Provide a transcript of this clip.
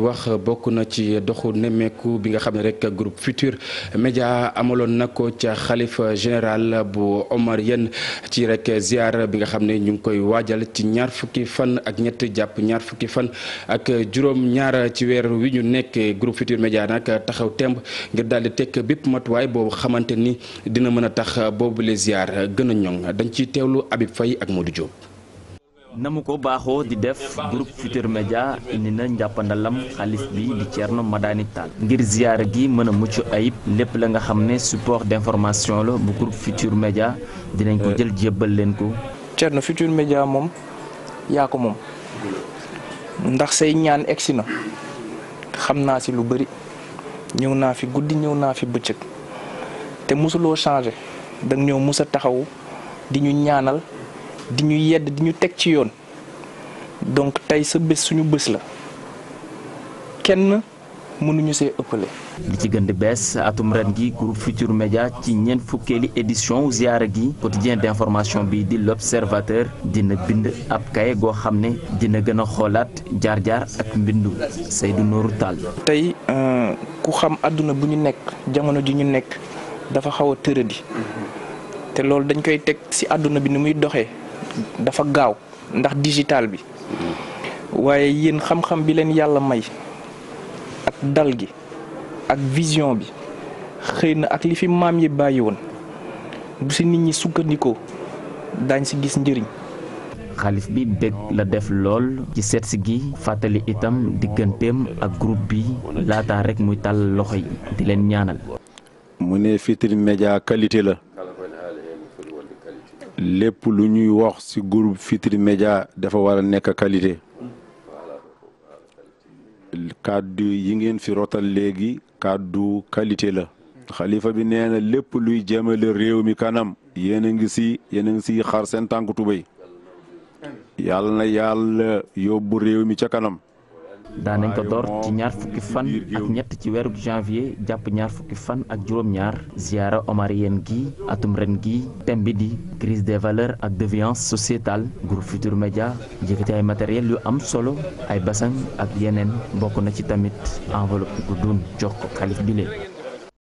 wax bokk na ci doxu nemmeeku bi nga xam ne rek groupe Futur Média amaloon na ko ca xalifa général bu Omarien ci rek ziar bi nga xam ne ñu ngi koy waajal ci ñaar fukki fan ak ñett jàpp ñaar fukki fan ak juróom-ñaar ci weer wi ñu nekk groupe Futur Média nag taxaw temb ngir daal di tekk bépp matuwaay boobu xamante ni dina mën a tax boobu les ziar gën a ñoŋ dañ ciy teewlu Habib fay ak Modou Diop. na mu ko baaxoo di def groupe Futur Media indi na njàppandalam xaalis bi di Thierno Madani Tall ngir ziyaara gi mën a mucc ayib lépp la nga xam ne support d'information la bu groupe Futur média dinañ ko jël jébbal leen ko. Thierno Futur Media moom yaa ko moom ndax say ñaan egsi na xam naa si lu bari ñëw naa fi guddi ñëw naa fi bëccëg te mosuloo changer danga ñëw mus a taxaw di ñu ñaanal. di ñu yedd di ñu teg ci yoon donc tey sa bés suñu bés la kenn mënuñu see ëppale. li ci gën di bees atum ren gi groupe Futur Média ci ñeent fukkeeli édition ziara gi quotidien d'information bi di l'observateur dina bind ab kaye goo xam ne dina gën a xoolaat jaar-jaar ak mbindu Seydou nooru Tall. tey euh, ku xam àdduna bu ñu nekk jamono ji ñu nekk dafa xaw a tëradi mm-hmm. te loolu dañ koy teg ci àdduna bi ni muy doxee. dafa gaaw ndax digital bi waaye yéen xam-xam bi leen yàlla may ak dal gi ak vision bi xëy na ak li fi maam yi bàyyi woon bu si nit ñi sukkandikoo daañ si gis njëriñ xalif bi bég la def lool ci seetsi gi fàttali itam digganteem ak groupe bi laata rek muy tàll loxo yi di leen ñaanal mu ne Futurs Médias qualité la lépp lu ñuy wox ci groupe Fitri Média dafa war a nekk qualité kàddu yi ngeen fi rotal léegi kàddu qualité la xalifa bi nee na lépp luy jëmale réew mi kanam yéen a ngi ci yéen a ngi ci xar seen tànk tubéy yàlla na yàlla yóbbu réew mi ca kanam daanañ ko door ci ñaar fukki fan ak ñett ci weeru janvier jàpp ñaar fukki fan ak juróom-ñaar ziara omarienne gi atum ren gi thème bi di crise des valeurs ak déviance sociétale groupe Futur Média yëkkati ay matériel yu am solo ay bassin ak yeneen bokk na ci tamit enveloppe gu dun jox ko xalif bile